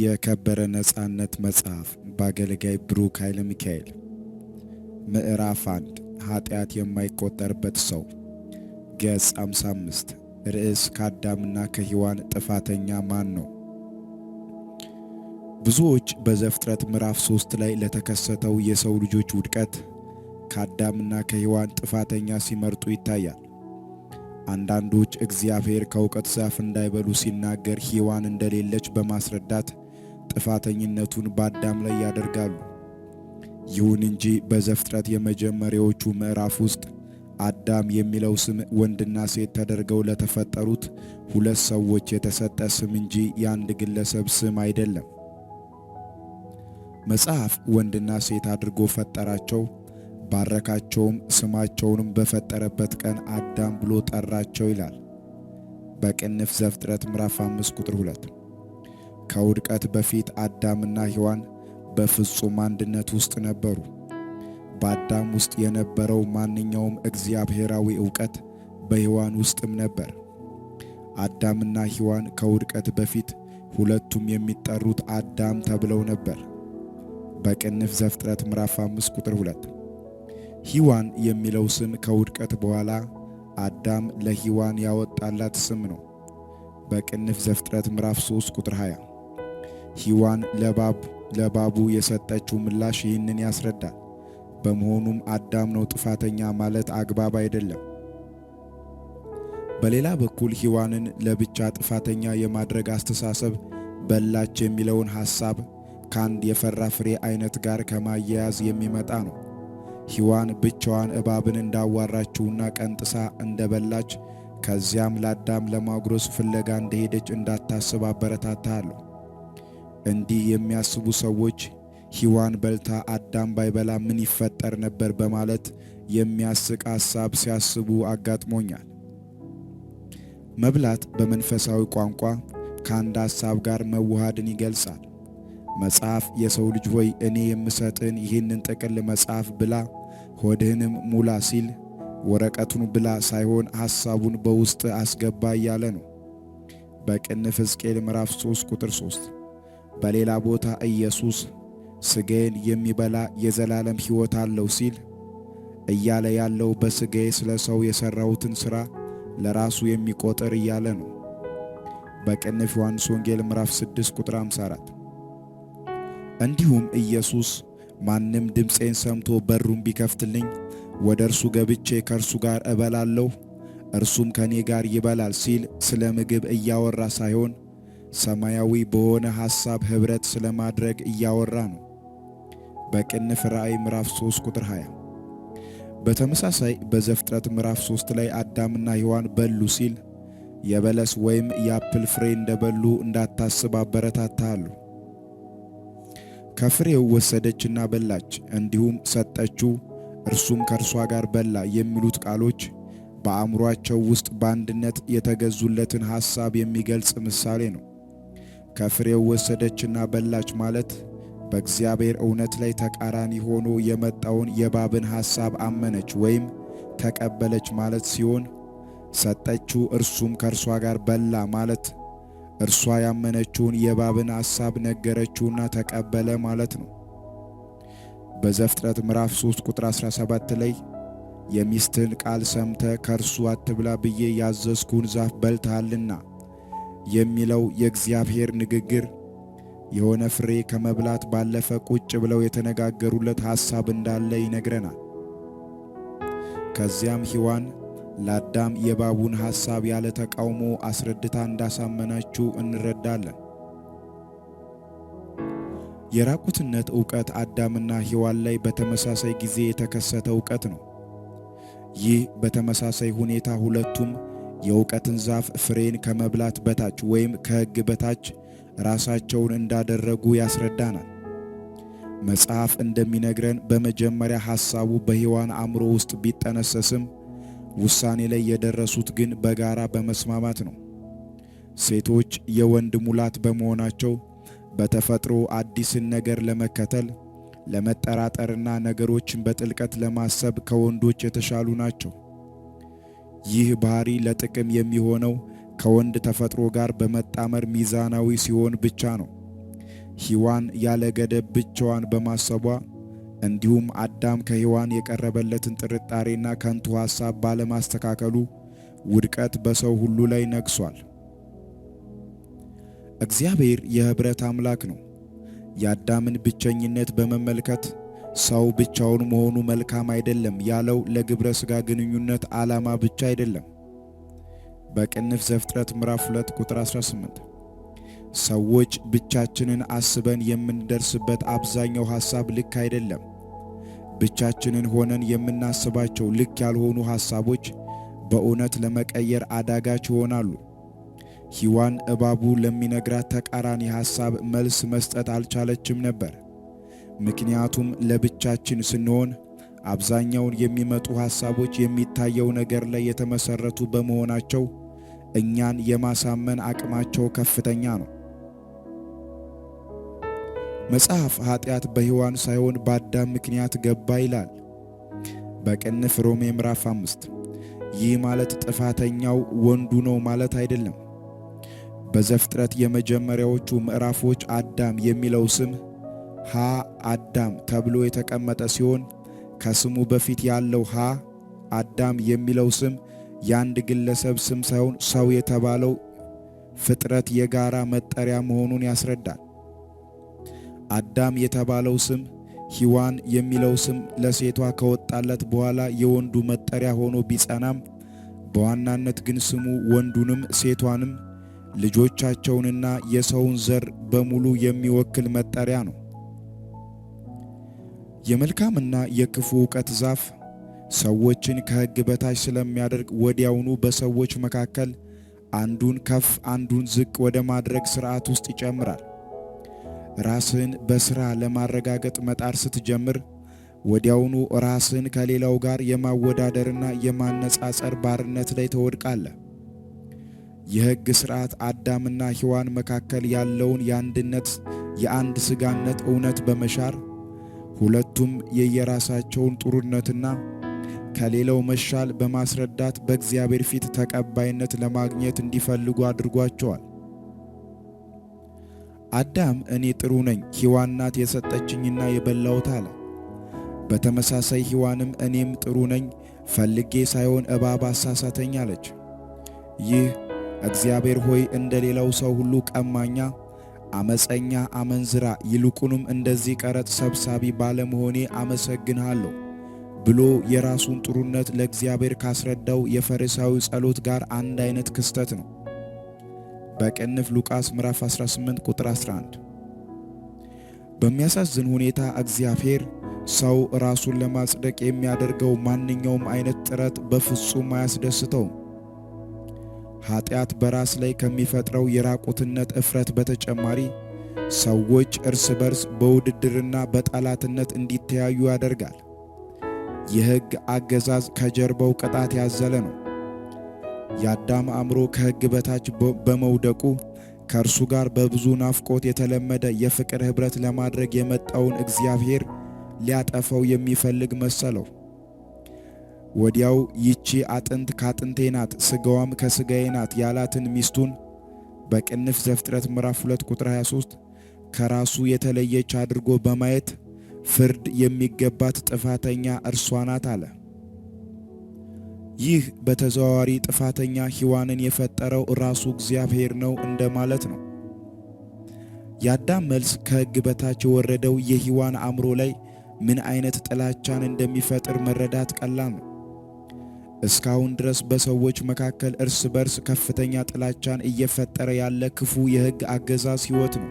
የከበረ ነፃነት መጽሐፍ በአገልጋይ ብሩክ ኃይለ ሚካኤል ምዕራፍ 1 ኃጢአት የማይቆጠርበት ሰው ገጽ 55 ርዕስ ከአዳምና ከሔዋን ጥፋተኛ ማን ነው? ብዙዎች በዘፍጥረት ምዕራፍ 3 ላይ ለተከሰተው የሰው ልጆች ውድቀት ከአዳምና ከሔዋን ጥፋተኛ ሲመርጡ ይታያል። አንዳንዶች እግዚአብሔር ከእውቀት ዛፍ እንዳይበሉ ሲናገር ሔዋን እንደሌለች በማስረዳት ጥፋተኝነቱን በአዳም ላይ ያደርጋሉ። ይሁን እንጂ በዘፍጥረት የመጀመሪያዎቹ ምዕራፍ ውስጥ አዳም የሚለው ስም ወንድና ሴት ተደርገው ለተፈጠሩት ሁለት ሰዎች የተሰጠ ስም እንጂ የአንድ ግለሰብ ስም አይደለም። መጽሐፍ ወንድና ሴት አድርጎ ፈጠራቸው፣ ባረካቸውም፣ ስማቸውንም በፈጠረበት ቀን አዳም ብሎ ጠራቸው ይላል። በቅንፍ ዘፍጥረት ምዕራፍ 5 ቁጥር 2 ከውድቀት በፊት አዳምና ሔዋን በፍጹም አንድነት ውስጥ ነበሩ። በአዳም ውስጥ የነበረው ማንኛውም እግዚአብሔራዊ ዕውቀት በሔዋን ውስጥም ነበር። አዳምና ሔዋን ከውድቀት በፊት ሁለቱም የሚጠሩት አዳም ተብለው ነበር። በቅንፍ ዘፍጥረት ምዕራፍ 5 ቁጥር 2 ሔዋን የሚለው ስም ከውድቀት በኋላ አዳም ለሔዋን ያወጣላት ስም ነው። በቅንፍ ዘፍጥረት ምዕራፍ 3 ቁጥር 20 ሂዋን ለባቡ የሰጠችው ምላሽ ይህንን ያስረዳል። በመሆኑም አዳም ነው ጥፋተኛ ማለት አግባብ አይደለም። በሌላ በኩል ሂዋንን ለብቻ ጥፋተኛ የማድረግ አስተሳሰብ በላች የሚለውን ሐሳብ ከአንድ የፈራ ፍሬ አይነት ጋር ከማያያዝ የሚመጣ ነው። ሂዋን ብቻዋን እባብን እንዳዋራችውና ቀንጥሳ እንደበላች ከዚያም ለአዳም ለማጉረስ ፍለጋ እንደሄደች እንዳታስብ አበረታታለሁ። እንዲህ የሚያስቡ ሰዎች ሔዋን በልታ አዳም ባይበላ ምን ይፈጠር ነበር በማለት የሚያስቅ ሐሳብ ሲያስቡ አጋጥሞኛል። መብላት በመንፈሳዊ ቋንቋ ከአንድ ሐሳብ ጋር መዋሃድን ይገልጻል። መጽሐፍ የሰው ልጅ ሆይ እኔ የምሰጥን ይህንን ጥቅል መጽሐፍ ብላ ሆድህንም ሙላ ሲል ወረቀቱን ብላ ሳይሆን ሐሳቡን በውስጥ አስገባ እያለ ነው። በቅንፍ ሕዝቅኤል ምዕራፍ 3 ቁጥር 3 በሌላ ቦታ ኢየሱስ ስጋዬን የሚበላ የዘላለም ሕይወት አለው ሲል እያለ ያለው በስጋዬ ስለ ሰው የሠራሁትን ሥራ ለራሱ የሚቆጥር እያለ ነው። በቅንፍ ዮሐንስ ወንጌል ምዕራፍ 6 ቁጥር 54። እንዲሁም ኢየሱስ ማንም ድምፄን ሰምቶ በሩን ቢከፍትልኝ ወደ እርሱ ገብቼ ከእርሱ ጋር እበላለሁ፣ እርሱም ከኔ ጋር ይበላል ሲል ስለ ምግብ እያወራ ሳይሆን ሰማያዊ በሆነ ሐሳብ ኅብረት ስለማድረግ እያወራ ነው። በቅንፍ ራእይ ምዕራፍ 3 ቁጥር 20 በተመሳሳይ በዘፍጥረት ምዕራፍ 3 ላይ አዳምና ሔዋን በሉ ሲል የበለስ ወይም የአፕል ፍሬ እንደበሉ እንዳታስብ አበረታታሉ። ከፍሬው ወሰደችና በላች፣ እንዲሁም ሰጠችው፣ እርሱም ከእርሷ ጋር በላ የሚሉት ቃሎች በአእምሯቸው ውስጥ በአንድነት የተገዙለትን ሐሳብ የሚገልጽ ምሳሌ ነው። ከፍሬው ወሰደችና በላች ማለት በእግዚአብሔር እውነት ላይ ተቃራኒ ሆኖ የመጣውን የባብን ሐሳብ አመነች ወይም ተቀበለች ማለት ሲሆን ሰጠችው፣ እርሱም ከእርሷ ጋር በላ ማለት እርሷ ያመነችውን የባብን ሐሳብ ነገረችውና ተቀበለ ማለት ነው። በዘፍጥረት ምዕራፍ 3 ቁጥር 17 ላይ የሚስትን ቃል ሰምተ ከእርሱ አትብላ ብዬ ያዘዝኩን ዛፍ በልተሃልና የሚለው የእግዚአብሔር ንግግር የሆነ ፍሬ ከመብላት ባለፈ ቁጭ ብለው የተነጋገሩለት ሐሳብ እንዳለ ይነግረናል። ከዚያም ሔዋን ለአዳም የእባቡን ሐሳብ ያለ ተቃውሞ አስረድታ እንዳሳመነችው እንረዳለን። የራቁትነት ዕውቀት አዳምና ሔዋን ላይ በተመሳሳይ ጊዜ የተከሰተ ዕውቀት ነው። ይህ በተመሳሳይ ሁኔታ ሁለቱም የእውቀትን ዛፍ ፍሬን ከመብላት በታች ወይም ከሕግ በታች ራሳቸውን እንዳደረጉ ያስረዳናል። መጽሐፍ እንደሚነግረን በመጀመሪያ ሐሳቡ በሔዋን አእምሮ ውስጥ ቢጠነሰስም ውሳኔ ላይ የደረሱት ግን በጋራ በመስማማት ነው። ሴቶች የወንድ ሙላት በመሆናቸው በተፈጥሮ አዲስን ነገር ለመከተል ለመጠራጠርና ነገሮችን በጥልቀት ለማሰብ ከወንዶች የተሻሉ ናቸው። ይህ ባህሪ ለጥቅም የሚሆነው ከወንድ ተፈጥሮ ጋር በመጣመር ሚዛናዊ ሲሆን ብቻ ነው። ሔዋን ያለ ገደብ ብቻዋን በማሰቧ እንዲሁም አዳም ከሔዋን የቀረበለትን ጥርጣሬና ከንቱ ሐሳብ ባለማስተካከሉ ውድቀት በሰው ሁሉ ላይ ነግሷል። እግዚአብሔር የኅብረት አምላክ ነው። የአዳምን ብቸኝነት በመመልከት ሰው ብቻውን መሆኑ መልካም አይደለም ያለው ለግብረ ሥጋ ግንኙነት ዓላማ ብቻ አይደለም። በቅንፍ ዘፍጥረት ምዕራፍ 2 ቁጥር 18 ሰዎች ብቻችንን አስበን የምንደርስበት አብዛኛው ሐሳብ ልክ አይደለም። ብቻችንን ሆነን የምናስባቸው ልክ ያልሆኑ ሐሳቦች በእውነት ለመቀየር አዳጋች ይሆናሉ። ሕዋን እባቡ ለሚነግራት ተቃራኒ ሐሳብ መልስ መስጠት አልቻለችም ነበር። ምክንያቱም ለብቻችን ስንሆን አብዛኛውን የሚመጡ ሐሳቦች የሚታየው ነገር ላይ የተመሰረቱ በመሆናቸው እኛን የማሳመን አቅማቸው ከፍተኛ ነው። መጽሐፍ ኃጢአት በሔዋን ሳይሆን በአዳም ምክንያት ገባ ይላል በቅንፍ ሮሜ ምዕራፍ አምስት ይህ ማለት ጥፋተኛው ወንዱ ነው ማለት አይደለም። በዘፍጥረት የመጀመሪያዎቹ ምዕራፎች አዳም የሚለው ስም ሀ አዳም ተብሎ የተቀመጠ ሲሆን ከስሙ በፊት ያለው ሀ አዳም የሚለው ስም የአንድ ግለሰብ ስም ሳይሆን ሰው የተባለው ፍጥረት የጋራ መጠሪያ መሆኑን ያስረዳል። አዳም የተባለው ስም ሂዋን የሚለው ስም ለሴቷ ከወጣለት በኋላ የወንዱ መጠሪያ ሆኖ ቢጸናም በዋናነት ግን ስሙ ወንዱንም ሴቷንም ልጆቻቸውንና የሰውን ዘር በሙሉ የሚወክል መጠሪያ ነው። የመልካምና የክፉ ዕውቀት ዛፍ ሰዎችን ከሕግ በታች ስለሚያደርግ ወዲያውኑ በሰዎች መካከል አንዱን ከፍ አንዱን ዝቅ ወደ ማድረግ ሥርዓት ውስጥ ይጨምራል። ራስህን በሥራ ለማረጋገጥ መጣር ስትጀምር ወዲያውኑ ራስህን ከሌላው ጋር የማወዳደርና የማነጻጸር ባርነት ላይ ትወድቃለህ። የሕግ ሥርዓት አዳምና ሔዋን መካከል ያለውን የአንድነት የአንድ ሥጋነት እውነት በመሻር ሁለቱም የየራሳቸውን ጥሩነትና ከሌላው መሻል በማስረዳት በእግዚአብሔር ፊት ተቀባይነት ለማግኘት እንዲፈልጉ አድርጓቸዋል። አዳም እኔ ጥሩ ነኝ፣ ሔዋን ናት የሰጠችኝና የበላሁት አለ። በተመሳሳይ ሔዋንም እኔም ጥሩ ነኝ፣ ፈልጌ ሳይሆን እባብ አሳሳተኝ አለች። ይህ እግዚአብሔር ሆይ እንደ ሌላው ሰው ሁሉ ቀማኛ አመፀኛ አመንዝራ፣ ይልቁንም እንደዚህ ቀረጥ ሰብሳቢ ባለመሆኔ አመሰግንሃለሁ ብሎ የራሱን ጥሩነት ለእግዚአብሔር ካስረዳው የፈሪሳዊ ጸሎት ጋር አንድ አይነት ክስተት ነው። በቅንፍ ሉቃስ ምዕራፍ 18 ቁጥር 11። በሚያሳዝን ሁኔታ እግዚአብሔር ሰው ራሱን ለማጽደቅ የሚያደርገው ማንኛውም አይነት ጥረት በፍጹም አያስደስተውም። ኃጢአት በራስ ላይ ከሚፈጥረው የራቁትነት እፍረት በተጨማሪ ሰዎች እርስ በርስ በውድድርና በጠላትነት እንዲተያዩ ያደርጋል። የሕግ አገዛዝ ከጀርባው ቅጣት ያዘለ ነው። የአዳም አእምሮ ከሕግ በታች በመውደቁ ከእርሱ ጋር በብዙ ናፍቆት የተለመደ የፍቅር ኅብረት ለማድረግ የመጣውን እግዚአብሔር ሊያጠፋው የሚፈልግ መሰለው። ወዲያው ይቺ አጥንት ከአጥንቴ ናት ስጋዋም ከስጋዬ ናት ያላትን ሚስቱን በቅንፍ ዘፍጥረት ምዕራፍ 2 ቁጥር 23 ከራሱ የተለየች አድርጎ በማየት ፍርድ የሚገባት ጥፋተኛ እርሷ ናት አለ። ይህ በተዘዋዋሪ ጥፋተኛ ሔዋንን የፈጠረው ራሱ እግዚአብሔር ነው እንደማለት ነው። የአዳም መልስ ከሕግ በታች የወረደው የሔዋን አእምሮ ላይ ምን አይነት ጥላቻን እንደሚፈጥር መረዳት ቀላል ነው። እስካሁን ድረስ በሰዎች መካከል እርስ በርስ ከፍተኛ ጥላቻን እየፈጠረ ያለ ክፉ የሕግ አገዛዝ ሕይወት ነው።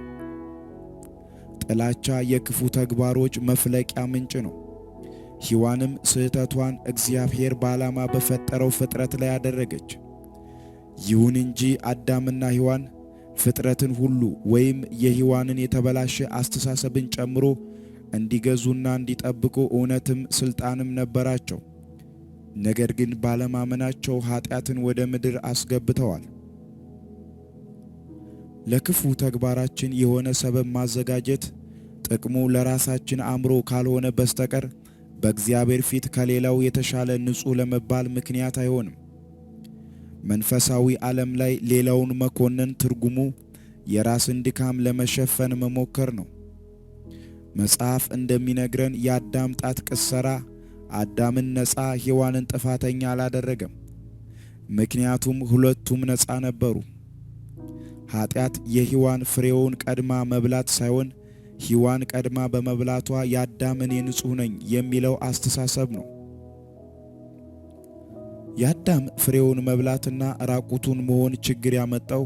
ጥላቻ የክፉ ተግባሮች መፍለቂያ ምንጭ ነው። ሔዋንም ስህተቷን እግዚአብሔር በዓላማ በፈጠረው ፍጥረት ላይ አደረገች። ይሁን እንጂ አዳምና ሔዋን ፍጥረትን ሁሉ ወይም የሔዋንን የተበላሸ አስተሳሰብን ጨምሮ እንዲገዙና እንዲጠብቁ እውነትም ሥልጣንም ነበራቸው። ነገር ግን ባለማመናቸው ኃጢአትን ወደ ምድር አስገብተዋል። ለክፉ ተግባራችን የሆነ ሰበብ ማዘጋጀት ጥቅሙ ለራሳችን አእምሮ ካልሆነ በስተቀር በእግዚአብሔር ፊት ከሌላው የተሻለ ንጹሕ ለመባል ምክንያት አይሆንም። መንፈሳዊ ዓለም ላይ ሌላውን መኮነን ትርጉሙ የራስን ድካም ለመሸፈን መሞከር ነው። መጽሐፍ እንደሚነግረን የአዳም ጣት ቅሰራ አዳምን ነፃ ሔዋንን ጥፋተኛ አላደረገም። ምክንያቱም ሁለቱም ነፃ ነበሩ። ኃጢአት የሔዋን ፍሬውን ቀድማ መብላት ሳይሆን ሔዋን ቀድማ በመብላቷ የአዳም እኔ ነኝ የሚለው አስተሳሰብ ነው። የአዳም ፍሬውን መብላትና ራቁቱን መሆን ችግር ያመጣው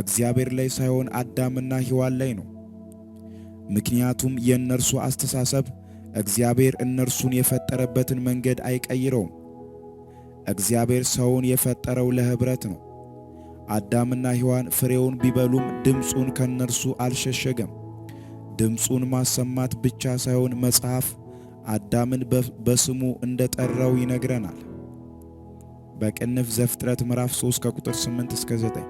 እግዚአብሔር ላይ ሳይሆን አዳምና ሔዋን ላይ ነው። ምክንያቱም የእነርሱ አስተሳሰብ እግዚአብሔር እነርሱን የፈጠረበትን መንገድ አይቀይረውም። እግዚአብሔር ሰውን የፈጠረው ለኅብረት ነው። አዳምና ሔዋን ፍሬውን ቢበሉም ድምፁን ከነርሱ አልሸሸገም። ድምፁን ማሰማት ብቻ ሳይሆን መጽሐፍ አዳምን በስሙ እንደጠራው ይነግረናል። በቅንፍ ዘፍጥረት ምዕራፍ 3 ከቁጥር 8 እስከ 9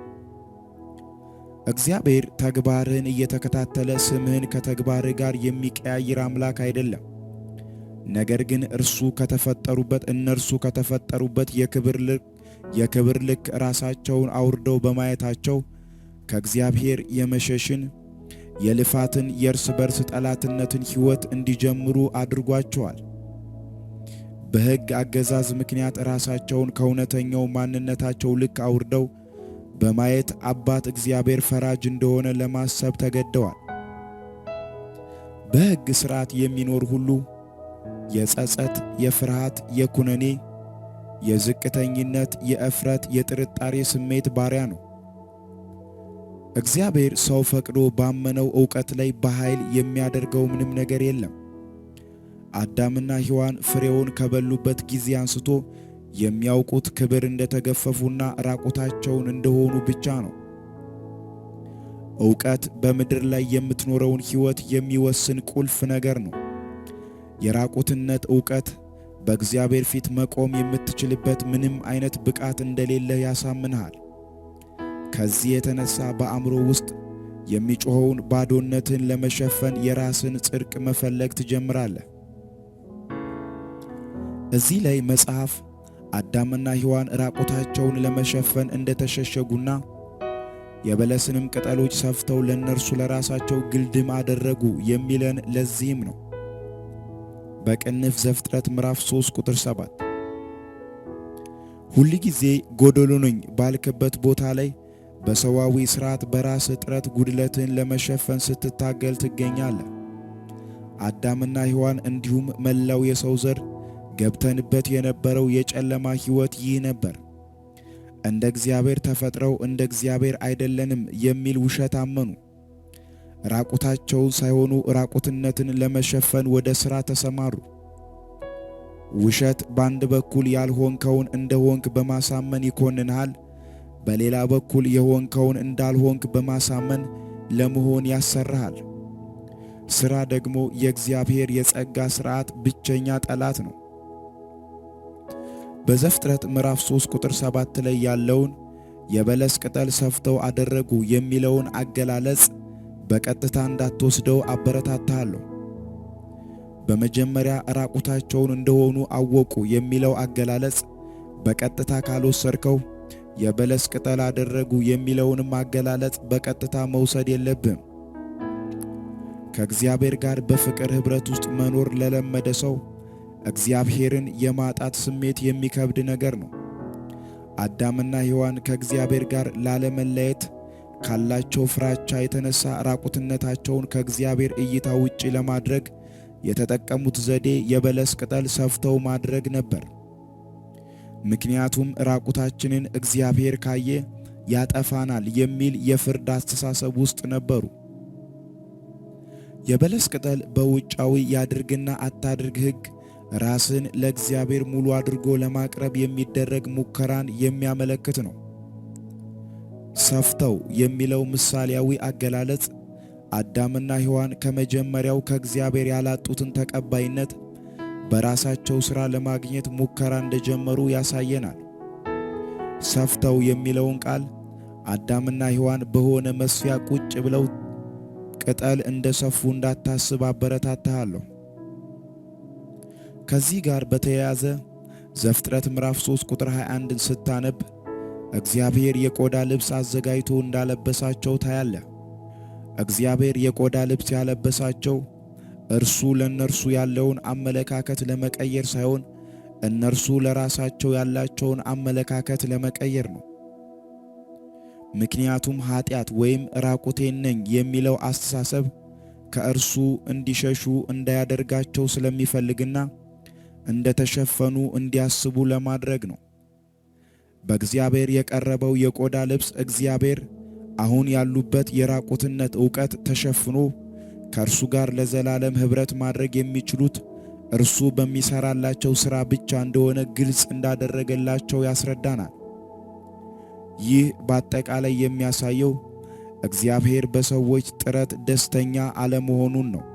እግዚአብሔር ተግባርህን እየተከታተለ ስምህን ከተግባርህ ጋር የሚቀያይር አምላክ አይደለም። ነገር ግን እርሱ ከተፈጠሩበት እነርሱ ከተፈጠሩበት የክብር ልክ የክብር ልክ ራሳቸውን አውርደው በማየታቸው ከእግዚአብሔር የመሸሽን የልፋትን የእርስ በርስ ጠላትነትን ሕይወት እንዲጀምሩ አድርጓቸዋል። በሕግ አገዛዝ ምክንያት ራሳቸውን ከእውነተኛው ማንነታቸው ልክ አውርደው በማየት አባት እግዚአብሔር ፈራጅ እንደሆነ ለማሰብ ተገደዋል። በሕግ ሥርዓት የሚኖር ሁሉ የጸጸት፣ የፍርሃት፣ የኩነኔ፣ የዝቅተኝነት፣ የእፍረት፣ የጥርጣሬ ስሜት ባሪያ ነው። እግዚአብሔር ሰው ፈቅዶ ባመነው ዕውቀት ላይ በኃይል የሚያደርገው ምንም ነገር የለም። አዳምና ሔዋን ፍሬውን ከበሉበት ጊዜ አንስቶ የሚያውቁት ክብር እንደተገፈፉና ራቁታቸውን እንደሆኑ ብቻ ነው። ዕውቀት በምድር ላይ የምትኖረውን ሕይወት የሚወስን ቁልፍ ነገር ነው። የራቁትነት እውቀት በእግዚአብሔር ፊት መቆም የምትችልበት ምንም አይነት ብቃት እንደሌለ ያሳምንሃል። ከዚህ የተነሳ በአእምሮ ውስጥ የሚጮኸውን ባዶነትን ለመሸፈን የራስን ጽድቅ መፈለግ ትጀምራለህ። እዚህ ላይ መጽሐፍ አዳምና ሔዋን ራቁታቸውን ለመሸፈን እንደተሸሸጉና የበለስንም ቅጠሎች ሰፍተው ለእነርሱ ለራሳቸው ግልድም አደረጉ የሚለን ለዚህም ነው። በቅንፍ ዘፍጥረት ምዕራፍ 3 ቁጥር 7 ሁል ጊዜ ጎደሎ ነኝ ባልክበት ቦታ ላይ በሰዋዊ ስርዓት በራስ ጥረት ጉድለትን ለመሸፈን ስትታገል ትገኛለህ። አዳምና ሔዋን እንዲሁም መላው የሰው ዘር ገብተንበት የነበረው የጨለማ ሕይወት ይህ ነበር። እንደ እግዚአብሔር ተፈጥረው እንደ እግዚአብሔር አይደለንም የሚል ውሸት አመኑ። ራቁታቸውን ሳይሆኑ ራቁትነትን ለመሸፈን ወደ ሥራ ተሰማሩ። ውሸት በአንድ በኩል ያልሆንከውን እንደ ሆንክ በማሳመን ይኮንንሃል፣ በሌላ በኩል የሆንከውን እንዳልሆንክ በማሳመን ለመሆን ያሰራሃል። ሥራ ደግሞ የእግዚአብሔር የጸጋ ሥርዓት ብቸኛ ጠላት ነው። በዘፍጥረት ምዕራፍ 3 ቁጥር 7 ላይ ያለውን የበለስ ቅጠል ሰፍተው አደረጉ የሚለውን አገላለጽ በቀጥታ እንዳትወስደው አበረታታለሁ። በመጀመሪያ ራቁታቸውን እንደሆኑ አወቁ የሚለው አገላለጽ በቀጥታ ካልወሰድከው የበለስ ቅጠል አደረጉ የሚለውንም አገላለጽ በቀጥታ መውሰድ የለብም። ከእግዚአብሔር ጋር በፍቅር ኅብረት ውስጥ መኖር ለለመደ ሰው እግዚአብሔርን የማጣት ስሜት የሚከብድ ነገር ነው። አዳምና ሔዋን ከእግዚአብሔር ጋር ላለመለየት ካላቸው ፍራቻ የተነሳ ራቁትነታቸውን ከእግዚአብሔር እይታ ውጪ ለማድረግ የተጠቀሙት ዘዴ የበለስ ቅጠል ሰፍተው ማድረግ ነበር። ምክንያቱም ራቁታችንን እግዚአብሔር ካየ ያጠፋናል የሚል የፍርድ አስተሳሰብ ውስጥ ነበሩ። የበለስ ቅጠል በውጫዊ ያድርግና አታድርግ ሕግ ራስን ለእግዚአብሔር ሙሉ አድርጎ ለማቅረብ የሚደረግ ሙከራን የሚያመለክት ነው። ሰፍተው የሚለው ምሳሌያዊ አገላለጽ አዳምና ሔዋን ከመጀመሪያው ከእግዚአብሔር ያላጡትን ተቀባይነት በራሳቸው ሥራ ለማግኘት ሙከራ እንደጀመሩ ያሳየናል። ሰፍተው የሚለውን ቃል አዳምና ሔዋን በሆነ መስፊያ ቁጭ ብለው ቅጠል እንደሰፉ እንዳታስብ አበረታታሃለሁ። ከዚህ ጋር በተያያዘ ዘፍጥረት ምዕራፍ 3 ቁጥር 21 ስታነብ እግዚአብሔር የቆዳ ልብስ አዘጋጅቶ እንዳለበሳቸው ታያለ። እግዚአብሔር የቆዳ ልብስ ያለበሳቸው እርሱ ለእነርሱ ያለውን አመለካከት ለመቀየር ሳይሆን እነርሱ ለራሳቸው ያላቸውን አመለካከት ለመቀየር ነው። ምክንያቱም ኃጢአት ወይም ራቁቴን ነኝ የሚለው አስተሳሰብ ከእርሱ እንዲሸሹ እንዳያደርጋቸው ስለሚፈልግና እንደተሸፈኑ እንዲያስቡ ለማድረግ ነው። በእግዚአብሔር የቀረበው የቆዳ ልብስ እግዚአብሔር አሁን ያሉበት የራቁትነት ዕውቀት ተሸፍኖ ከእርሱ ጋር ለዘላለም ኅብረት ማድረግ የሚችሉት እርሱ በሚሠራላቸው ሥራ ብቻ እንደሆነ ግልጽ እንዳደረገላቸው ያስረዳናል። ይህ በአጠቃላይ የሚያሳየው እግዚአብሔር በሰዎች ጥረት ደስተኛ አለመሆኑን ነው።